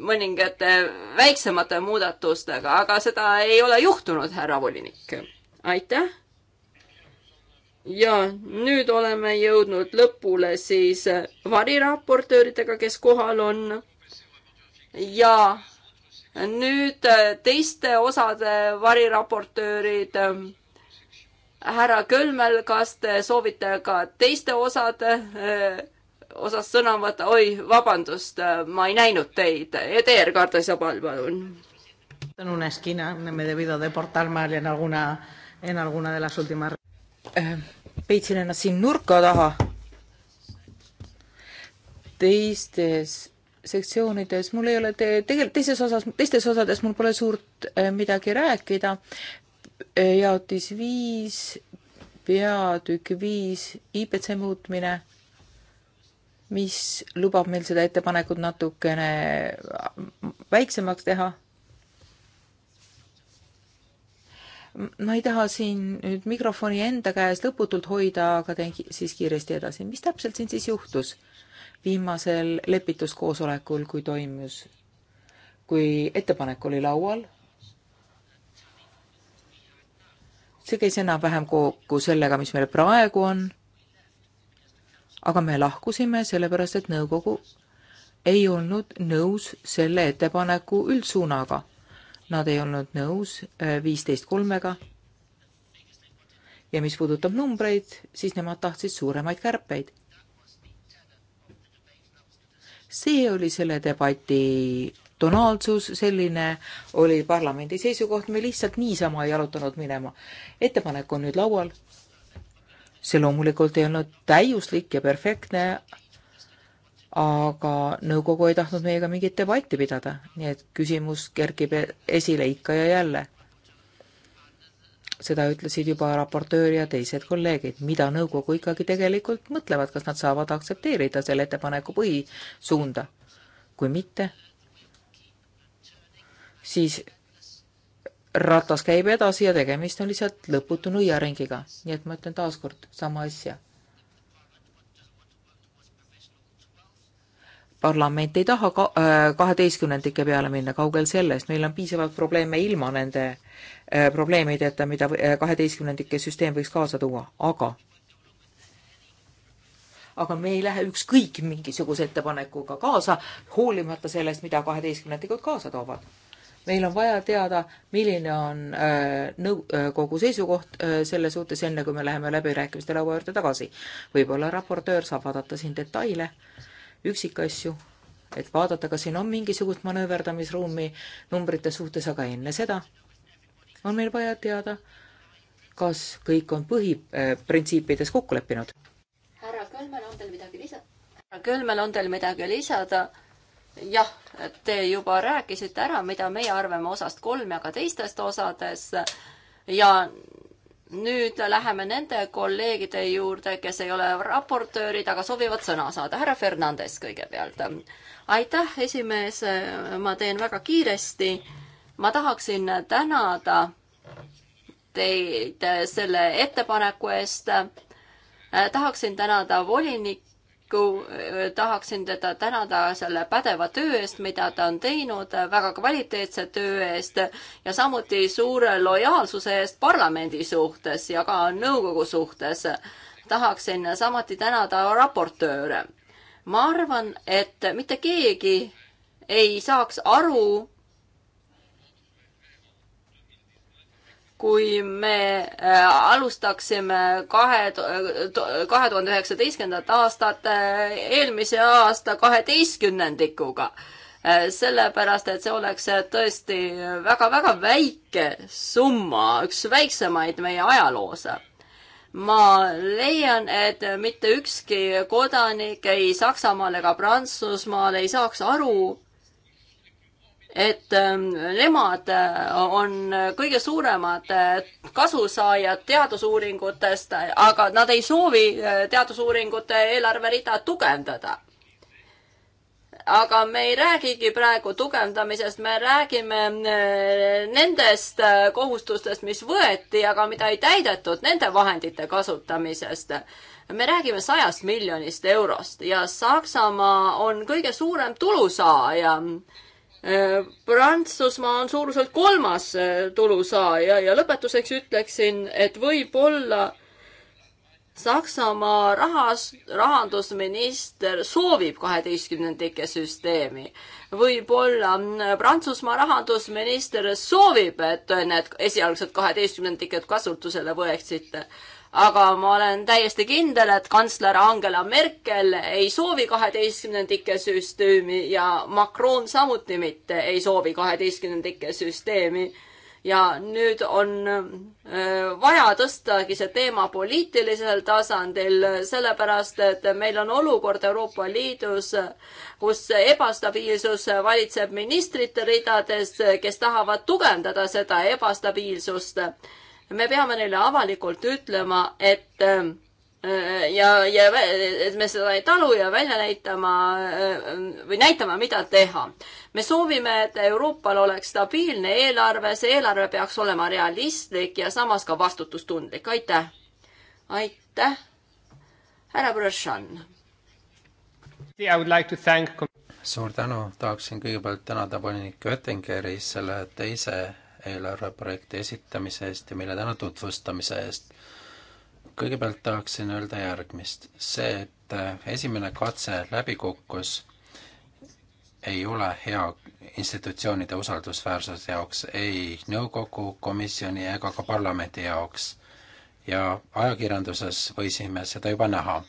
mõningate väiksemate muudatustega, aga seda ei ole juhtunud, härra volinik. aitäh ja nüüd oleme jõudnud lõpule siis variraportööridega, kes kohal on. ja nüüd teiste osade variraportöörid. härra Kölmel, kas te soovite ka teiste osade eh, osas sõna võtta? oi, vabandust, ma ei näinud teid. Eder Kardasabal, palun. en una esquina me he debido de portar mal en alguna en alguna de las últimas eh peitsin ennast siin nurka taha. teistes sektsioonides mul ei ole te-, tegelikult teises osas, teistes osades mul pole suurt äh, midagi rääkida. jaotis viis, peatükk viis, IPC muutmine, mis lubab meil seda ettepanekut natukene väiksemaks teha ma ei taha siin nüüd mikrofoni enda käes lõputult hoida, aga teen siis kiiresti edasi. mis täpselt siin siis juhtus viimasel lepituskoosolekul, kui toimus, kui ettepanek oli laual? see käis enam-vähem kokku sellega, mis meil praegu on. aga me lahkusime sellepärast, et nõukogu ei olnud nõus selle ettepaneku üldsuunaga Nad ei olnud nõus äh, viisteist kolmega. ja mis puudutab numbreid, siis nemad tahtsid suuremaid kärpeid. see oli selle debati tonaalsus, selline oli parlamendi seisukoht, me lihtsalt niisama ei jalutanud minema. ettepanek on nüüd laual. see loomulikult ei olnud täiuslik ja perfektne, aga nõukogu ei tahtnud meiega mingit debatti pidada, nii et küsimus kerkib esile ikka ja jälle. seda ütlesid juba raportöör ja teised kolleegid, mida nõukogu ikkagi tegelikult mõtlevad, kas nad saavad aktsepteerida selle ettepaneku põhisuunda. kui mitte, siis ratas käib edasi ja tegemist on lihtsalt lõputu nõiaringiga. nii et ma ütlen taaskord sama asja parlament ei taha ka-, äh, kaheteistkümnendike peale minna, kaugel sellest, meil on piisavalt probleeme ilma nende äh, probleemideta, mida äh, kaheteistkümnendike süsteem võiks kaasa tuua, aga aga me ei lähe ükskõik mingisuguse ettepanekuga kaasa, hoolimata sellest, mida kaheteistkümnendikud kaasa toovad. meil on vaja teada, milline on nõukogu seisukoht selle suhtes, enne kui me läheme läbirääkimiste laua juurde tagasi. võib-olla raportöör saab vaadata siin detaile äh, üksikasju, et vaadata, kas siin on mingisugust manööverdamisruumi numbrite suhtes, aga enne seda on meil vaja teada, kas kõik on põhiprintsiipides äh, kokku leppinud. härra Kölmel, on teil midagi lisada? härra Kölmel, on teil midagi lisada? jah, te juba rääkisite ära, mida meie arvame osast kolm ja ka teistest osades ja nüüd läheme nende kolleegide juurde, kes ei ole raportöörid, aga soovivad sõna saada. härra Fernandes kõigepealt. aitäh, esimees, ma teen väga kiiresti. ma tahaksin tänada teid selle ettepaneku eest. tahaksin tänada volinikku Mikku, tahaksin teda tänada selle pädeva töö eest, mida ta on teinud, väga kvaliteetse töö eest ja samuti suure lojaalsuse eest parlamendi suhtes ja ka nõukogu suhtes. tahaksin samuti tänada raportööre. ma arvan, et mitte keegi ei saaks aru, kui me äh, alustaksime kahe, kahe tuhande üheksateistkümnendat aastat äh, eelmise aasta kaheteistkümnendikuga. Äh, sellepärast, et see oleks tõesti väga-väga väike summa, üks väiksemaid meie ajaloos. ma leian, et mitte ükski kodanik ei Saksamaal ega Prantsusmaal ei saaks aru, et ähm, nemad äh, on kõige suuremad äh, kasusaajad teadusuuringutest, aga nad ei soovi äh, teadusuuringute eelarverida tugevdada aga me ei räägigi praegu tugevdamisest, me räägime nendest kohustustest, mis võeti, aga mida ei täidetud, nende vahendite kasutamisest. me räägime sajast miljonist eurost ja Saksamaa on kõige suurem tulusaaja Äh, Prantsusmaa on suuruselt kolmas äh, tulusaaja ja lõpetuseks ütleksin, et võib-olla Saksamaa rahas, rahandusminister soovib kaheteistkümnendike süsteemi. võib-olla mm, Prantsusmaa rahandusminister soovib, et need esialgsed kaheteistkümnendikud kasutusele võeksite aga ma olen täiesti kindel, et kantsler Angela Merkel ei soovi kaheteistkümnendike süsteemi ja Macron samuti mitte ei soovi kaheteistkümnendike süsteemi. ja nüüd on äh, vaja tõstagi see teema poliitilisel tasandil, sellepärast et meil on olukord Euroopa Liidus, kus ebastabiilsus valitseb ministrite ridades, kes tahavad tugevdada seda ebastabiilsust me peame neile avalikult ütlema, et ähm, äh, ja, ja et me seda ei talu ja välja näitama äh, või näitama, mida teha. me soovime, et Euroopal oleks stabiilne eelarve, see eelarve peaks olema realistlik ja samas ka vastutustundlik, aitäh. aitäh, härra Brõšan. suur tänu, tahaksin kõigepealt tänada volinik Oettingeri selle teise eelarveprojekti esitamise eest ja meile täna tutvustamise eest. kõigepealt tahaksin öelda järgmist. see, et äh, esimene katse läbi kukkus, ei ole hea institutsioonide usaldusväärsuse jaoks, ei nõukogu, komisjoni ega ka parlamendi jaoks. ja ajakirjanduses võisime seda juba näha.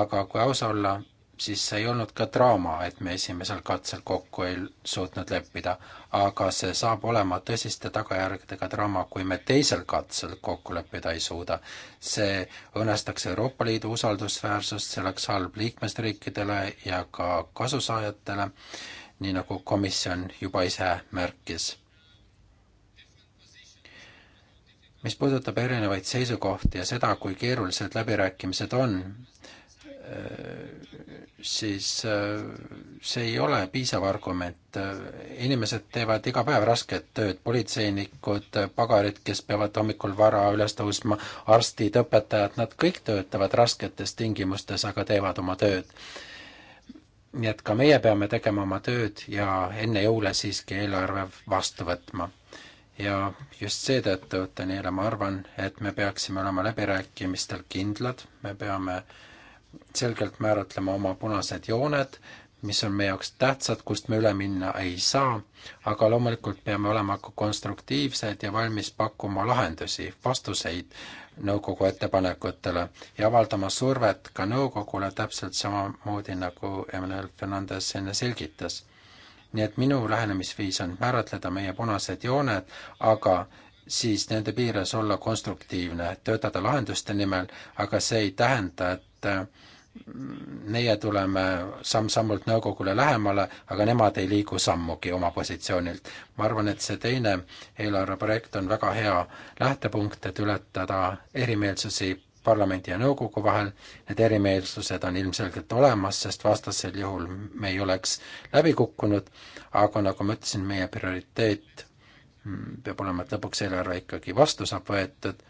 aga kui aus olla, siis ei olnud ka draama, et me esimesel katsel kokku ei suutnud leppida, aga see saab olema tõsiste tagajärgedega draama, kui me teisel katsel kokku leppida ei suuda. see õõnestaks Euroopa Liidu usaldusväärsust, see oleks halb liikmesriikidele ja ka kasusaajatele, nii nagu komisjon juba ise märkis mis puudutab erinevaid seisukohti ja seda, kui keerulised läbirääkimised on, siis äh, see ei ole piisav argument. inimesed teevad iga päev rasket tööd, politseinikud, pagarid, kes peavad hommikul vara üles tõusma, arstid, õpetajad, nad kõik töötavad rasketes tingimustes, aga teevad oma tööd. nii et ka meie peame tegema oma tööd ja enne jõule siiski eelarve vastu võtma ja just seetõttu, Daniela, ma arvan, et me peaksime olema läbirääkimistel kindlad, me peame äh, selgelt määratlema oma punased jooned, mis on meie jaoks tähtsad, kust me üle minna ei saa, aga loomulikult peame olema ka konstruktiivsed ja valmis pakkuma lahendusi, vastuseid nõukogu ettepanekutele ja avaldama survet ka nõukogule täpselt samamoodi, nagu Emmanuel Fernandez enne selgitas. nii et minu lähenemisviis on määratleda meie punased jooned, aga siis nende piires olla konstruktiivne, töötada lahenduste nimel, aga see ei tähenda, et et äh, meie tuleme samm-sammult nõukogule lähemale, aga nemad ei liigu sammugi oma positsioonilt. ma arvan, et see teine eelarveprojekt on väga hea lähtepunkt, et ületada erimeelsusi parlamendi ja nõukogu vahel, need erimeelsused on ilmselgelt olemas, sest vastasel juhul me ei oleks läbi kukkunud, aga nagu ma ütlesin, meie prioriteet mm, peab olema, et lõpuks eelarve ikkagi vastu saab võetud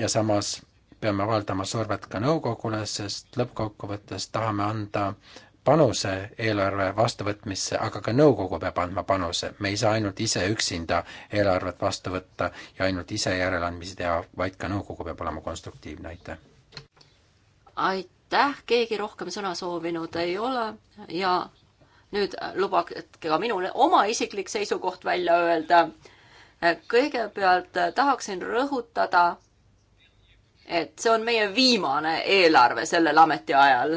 ja samas peame avaldama survet ka nõukogule, sest lõppkokkuvõttes tahame anda panuse eelarve vastuvõtmisse, aga ka nõukogu peab andma panuse, me ei saa ainult ise üksinda eelarvet vastu võtta ja ainult ise järeleandmisi teha, vaid ka nõukogu peab olema konstruktiivne, aitäh! aitäh, keegi rohkem sõna soovinud ei ole ja nüüd lubage ka minul oma isiklik seisukoht välja öelda. kõigepealt tahaksin rõhutada et see on meie viimane eelarve sellel ametiajal.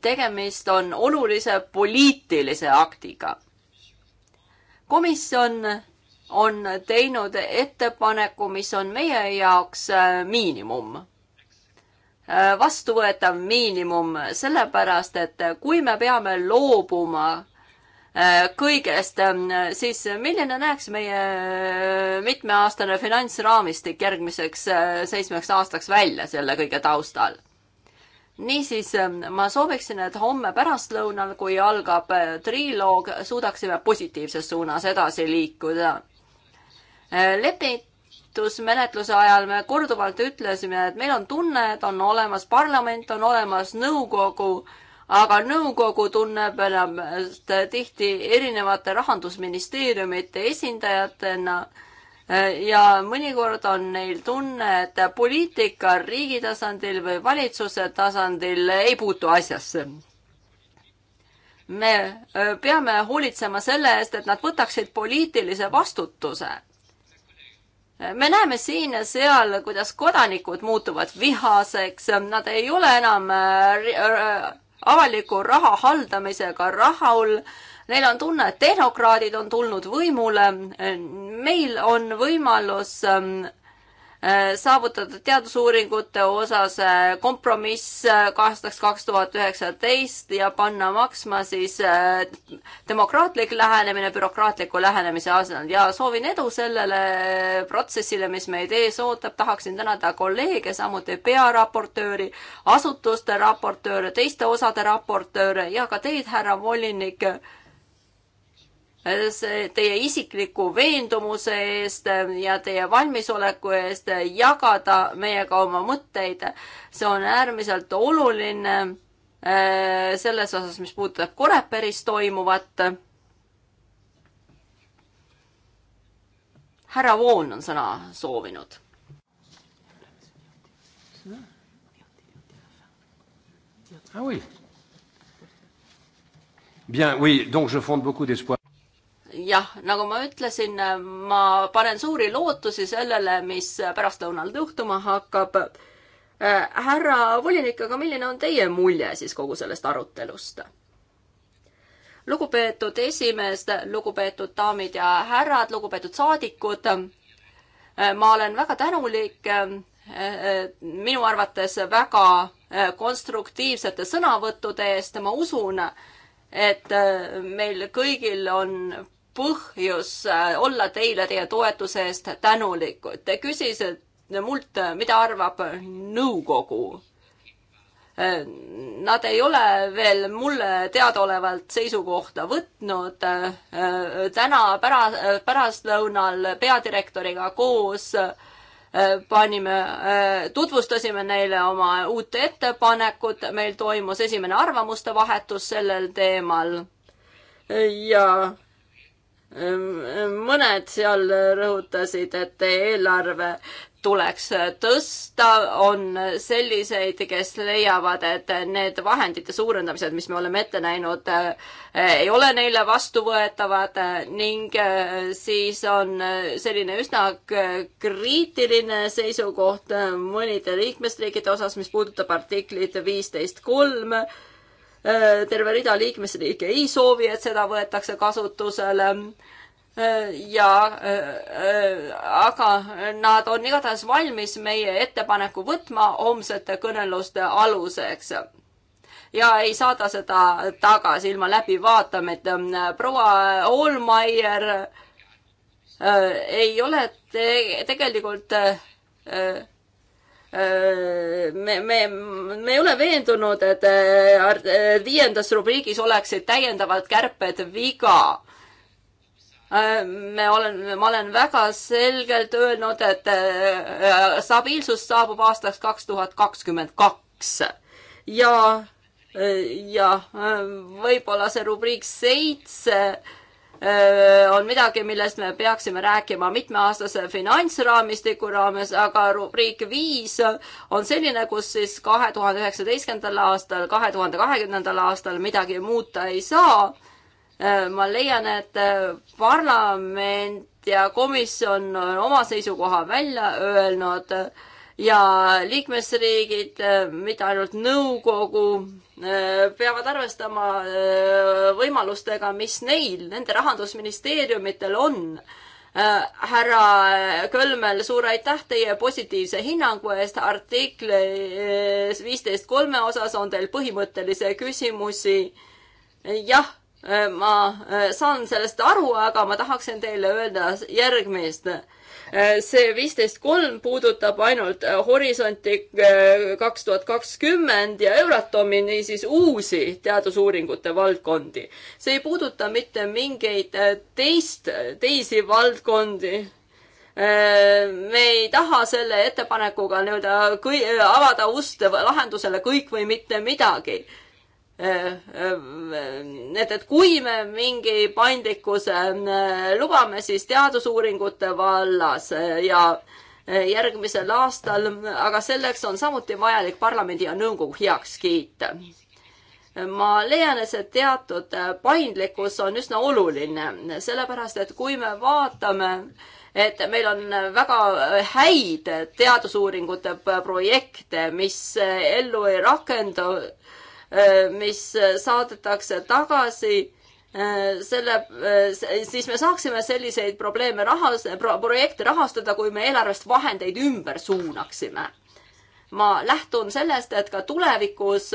tegemist on olulise poliitilise aktiga. komisjon on teinud ettepaneku, mis on meie jaoks äh, miinimum äh, vastuvõetav miinimum, sellepärast et kui me peame loobuma Äh, kõigest, ähm, siis milline näeks meie äh, mitmeaastane finantsraamistik järgmiseks äh, seitsmeks aastaks välja selle kõige taustal? niisiis, ähm, ma sooviksin, et homme pärastlõunal, kui algab triloog, suudaksime positiivses suunas edasi liikuda. lepitusmenetluse ajal me korduvalt ütlesime, et meil on tunne, et on olemas parlament, on olemas nõukogu aga nõukogu tunneb ennast tihti erinevate rahandusministeeriumite esindajatena eh, ja mõnikord on neil tunne, et poliitika riigi tasandil või valitsuse tasandil ei puutu asjasse. me eh, peame hoolitsema selle eest, et nad võtaksid poliitilise vastutuse me näeme siin ja seal, kuidas kodanikud muutuvad vihaseks, nad ei ole enam eh, avaliku raha haldamisega rahul. Neil on tunne, et tehnokraadid on tulnud võimule. meil on võimalus ähm, Äh, saavutada teadusuuringute osas äh, kompromiss äh, aastaks kaks tuhat üheksateist ja panna maksma siis demokraatlik lähenemine bürokraatliku lähenemise asemel ja soovin edu sellele protsessile, mis meid ees ootab, tahaksin tänada kolleege, samuti pearaportööri, asutuste raportööre, teiste osade raportööre ja ka teid, härra volinik see teie isikliku veendumuse eest ja teie valmisoleku eest jagada meiega oma mõtteid. see on äärmiselt oluline äh, selles osas, mis puudutab Koreperis toimuvat. härra Voon on sõna soovinud Ah oui. Bien, oui, donc je fonde beaucoup d'espoir jah, nagu ma ütlesin, ma panen suuri lootusi sellele, mis pärastlõunal juhtuma hakkab. härra volinik, aga milline on teie mulje siis kogu sellest arutelust? lugupeetud esimees, lugupeetud daamid ja härrad, lugupeetud saadikud. ma olen väga tänulik minu arvates väga konstruktiivsete sõnavõttude eest. ma usun, et meil kõigil on põhjus äh, olla teile teie toetuse eest tänulikud. Te küsisite mult, äh, mida arvab nõukogu äh, Nad ei ole veel mulle teadaolevalt seisukohta võtnud. täna pära-, pärastlõunal peadirektoriga koos panime, tutvustasime neile oma uut ettepanekut, meil toimus esimene arvamuste vahetus sellel teemal ja mõned seal rõhutasid, et eelarve tuleks tõsta, on selliseid, kes leiavad, et need vahendite suurendamised, mis me oleme ette näinud, ei ole neile vastuvõetavad ning siis on selline üsna kriitiline seisukoht mõnide liikmesriikide osas, mis puudutab artiklit viisteist kolm Äh, terve rida liikmesriike ei soovi, et seda võetakse kasutusele äh, ja äh, aga nad on igatahes valmis meie ettepaneku võtma homsete kõneluste aluseks. ja ei saada seda tagasi ilma läbivaatamata. proua Olmaier ei ole te tegelikult Äh, me, me, me ei ole veendunud, et äh, äh, viiendas rubriigis oleksid täiendavad kärped viga. me olen, ma olen väga selgelt öelnud, et stabiilsus saabub aastaks kaks tuhat kakskümmend kaks ja, ja võib-olla see rubriik seitse 7 Äh, on midagi, millest me peaksime rääkima mitmeaastase finantsraamistiku raames, aga rubriik viis on selline, kus siis kahe tuhande üheksateistkümnendal aastal, kahe tuhande kahekümnendal aastal midagi muuta ei saa. Äh, ma leian, et äh, parlament ja komisjon on oma seisukoha välja öelnud ja liikmesriigid, mitte ainult nõukogu, peavad arvestama äh, võimalustega, mis neil, nende rahandusministeeriumitel on. Äh, härra Kölmel, suur aitäh teie positiivse hinnangu eest. artikli viisteist kolme osas on teil põhimõttelisi küsimusi. jah, äh, ma saan sellest aru, aga ma tahaksin teile öelda järgmist Äh, see viisteist kolm puudutab ainult äh, Horisonti äh, kaks tuhat kakskümmend ja Euratomi, niisiis uusi teadusuuringute valdkondi. see ei puuduta mitte mingeid teist, teisi valdkondi me ei taha selle ettepanekuga nii-öelda avada ust lahendusele kõik või mitte midagi et, et kui me mingi paindlikkuse lubame, siis teadusuuringute vallas ja järgmisel aastal, aga selleks on samuti vajalik parlamendi ja nõukogu heakskiit. ma leian, et see teatud paindlikkus on üsna oluline, sellepärast et kui me vaatame, et meil on väga häid teadusuuringute projekte, mis ellu ei rakendu Äh, mis saadetakse tagasi äh, selle, äh, siis me saaksime selliseid probleeme rahas- pro,, projekte rahastada, kui me eelarvest vahendeid ümber suunaksime. ma lähtun sellest, et ka tulevikus,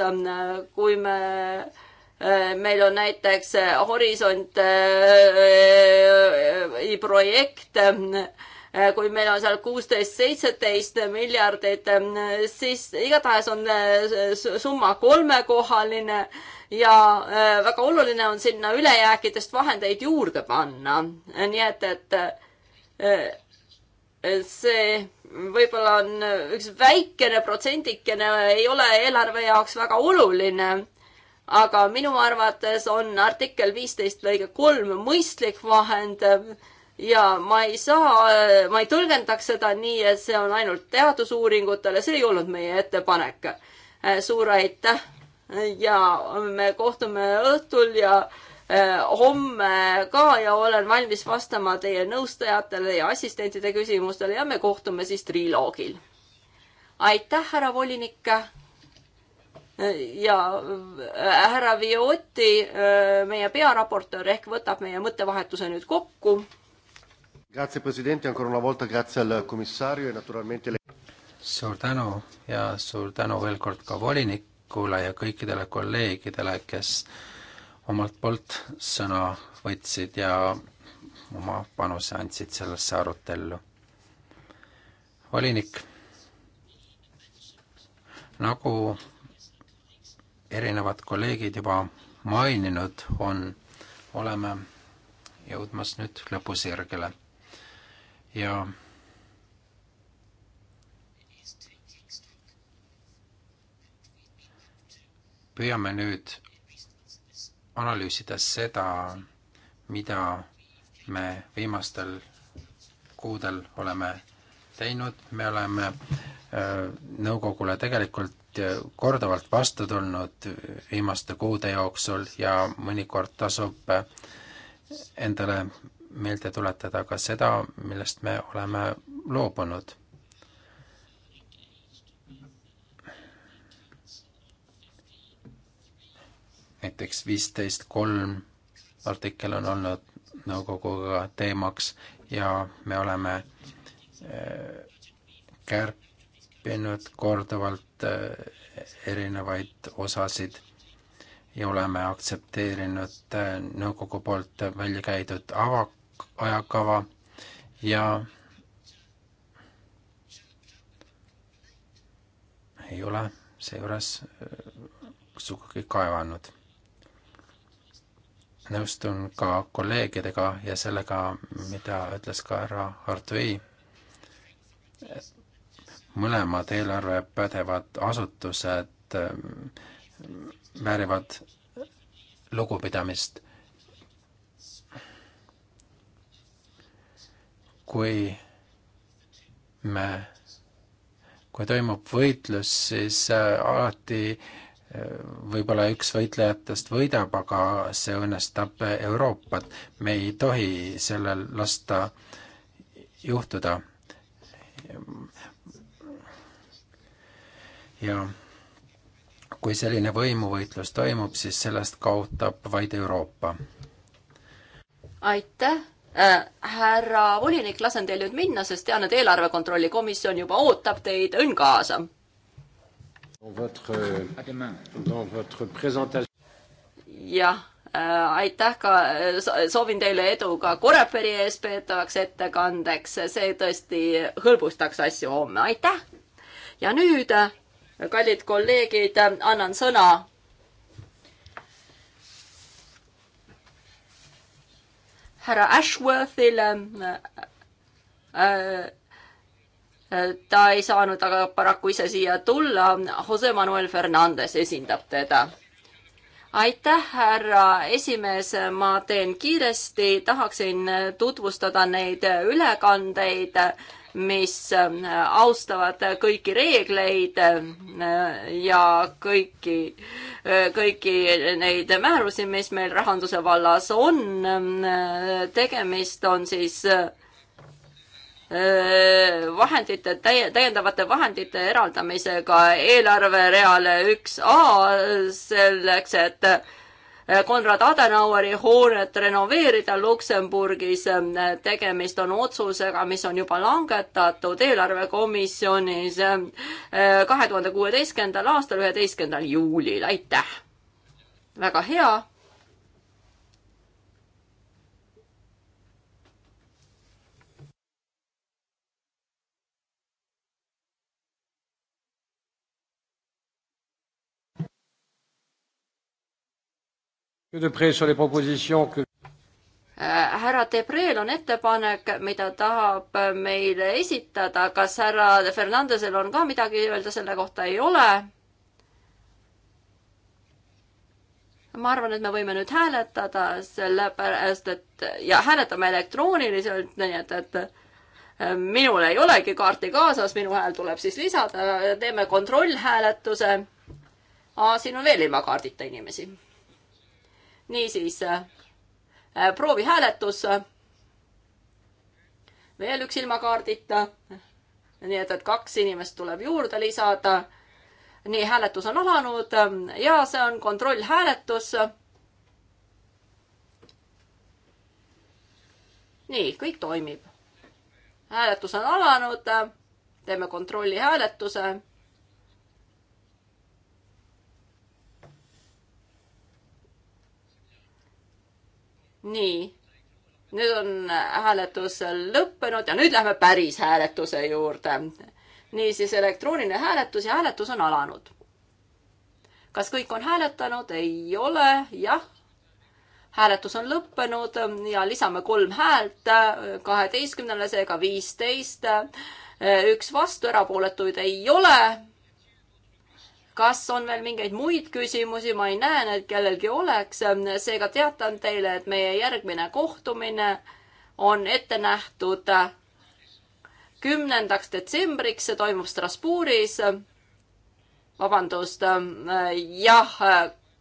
kui me meil on näiteks Horisont projekt, Äh, kui meil on seal kuusteist, seitseteist miljardit, äh, siis igatahes on äh, summa kolmekohaline ja väga oluline on sinna ülejääkidest vahendeid juurde panna. nii et, et see võib-olla on üks väikene protsendikene, ei ole eelarve jaoks väga oluline aga minu arvates on artikkel viisteist lõige kolm mõistlik vahend ja ma ei saa, ma ei tõlgendaks seda nii, et see on ainult teadusuuringutele, see ei olnud meie ettepanek. suur aitäh ja me kohtume õhtul ja eh, homme ka ja olen valmis vastama teie nõustajatele ja assistentide küsimustele ja me kohtume siis triloogil. aitäh, härra volinik. ja härra Viotti, eh, meie pearaportöör ehk võtab meie mõttevahetuse nüüd kokku E suur tänu ja suur tänu veel kord ka volinikule ja kõikidele kolleegidele, kes omalt poolt sõna võtsid ja oma panuse andsid sellesse arutellu. volinik, nagu erinevad kolleegid juba maininud on, oleme jõudmas nüüd lõpusirgele ja püüame nüüd analüüsida seda, mida me viimastel kuudel oleme teinud, me oleme äh, nõukogule tegelikult äh, korduvalt vastu tulnud viimaste kuude jooksul ja mõnikord tasub äh, endale meelde tuletada ka seda, millest me oleme loobunud. näiteks viisteist kolm artikkel on olnud nõukoguga teemaks ja me oleme äh, kärpinud korduvalt äh, erinevaid osasid ja oleme aktsepteerinud äh, nõukogu poolt välja käidud avak-, ajakava ja ei ole seejuures äh, sugugi kaevanud. nõustun ka kolleegidega ja sellega, mida ütles ka härra Artui. mõlemad eelarvepädevad asutused väärivad äh, lugupidamist kui me, kui toimub võitlus, siis äh, alati äh, võib-olla üks võitlejatest võidab, aga see õnnestab Euroopat. me ei tohi sellel lasta juhtuda. ja kui selline võimuvõitlus toimub, siis sellest kaotab vaid Euroopa. aitäh Äh, härra volinik, lasen teil nüüd minna, sest tean, et eelarve kontrolli komisjon juba ootab teid õnn kaasa. jah äh, aitäh ka, äh, soovin teile edu ka Koreperi ees peetavaks ettekandeks, see tõesti hõlbustaks asju homme, aitäh! ja nüüd, kallid kolleegid, annan sõna härra Ashworthile. Äh, äh, ta ei saanud aga paraku ise siia tulla. Jose Manuel Fernandez esindab teda aitäh, härra esimees, ma teen kiiresti, tahaksin tutvustada neid ülekandeid, mis äh, austavad kõiki reegleid äh, ja kõiki, äh, kõiki neid määrusi, mis meil rahanduse vallas on. tegemist on siis vahendite, täiendavate vahendite eraldamisega eelarvereale üks A selleks, et Eh, Konrad Adenaueri hoonet renoveerida Luksemburgis. Eh, tegemist on otsusega, mis on juba langetatud eelarvekomisjonis eh, kahe tuhande kuueteistkümnendal aastal, üheteistkümnendal juulil. aitäh! väga hea Äh, härra Debreel on ettepanek, mida tahab äh, meile esitada, kas härra Fernandesel on ka midagi öelda selle kohta, ei ole? ma arvan, et me võime nüüd hääletada, sellepärast et ja hääletame elektrooniliselt, nii et, et äh, minul ei olegi kaarti kaasas, minu hääl tuleb siis lisada, teeme kontrollhääletuse. siin on veel ilma kaardita inimesi niisiis, äh, proovihääletus. veel üks ilma kaardita. nii et, et kaks inimest tuleb juurde lisada. nii, hääletus on alanud ja see on kontrollhääletus. nii, kõik toimib. hääletus on alanud. teeme kontrollihääletuse nii, nüüd on hääletus lõppenud ja nüüd lähme päris hääletuse juurde. niisiis elektrooniline hääletus ja hääletus on alanud. kas kõik on hääletanud? ei ole, jah. hääletus on lõppenud ja lisame kolm häält kaheteistkümnele, seega viisteist. üks vastu, erapooletuid ei ole kas on veel mingeid muid küsimusi, ma ei näe, et kellelgi oleks, seega teatan teile, et meie järgmine kohtumine on ette nähtud kümnendaks detsembriks, see toimub Strasbourgis. vabandust, jah,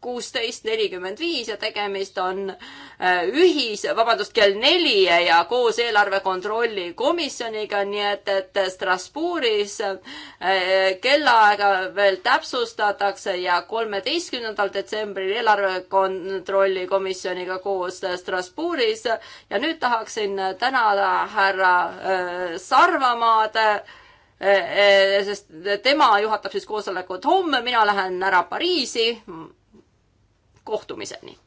kuusteist nelikümmend viis ja tegemist on äh, ühis, vabandust, kell neli ja koos eelarve kontrolli komisjoniga, nii et, et Strasbourgis äh, kellaaega veel täpsustatakse ja kolmeteistkümnendal detsembril eelarve kontrolli komisjoniga koos Strasbourgis ja nüüd tahaksin tänada härra äh, Sarvamaad sest tema juhatab siis koosolekut homme, mina lähen ära Pariisi kohtumiseni!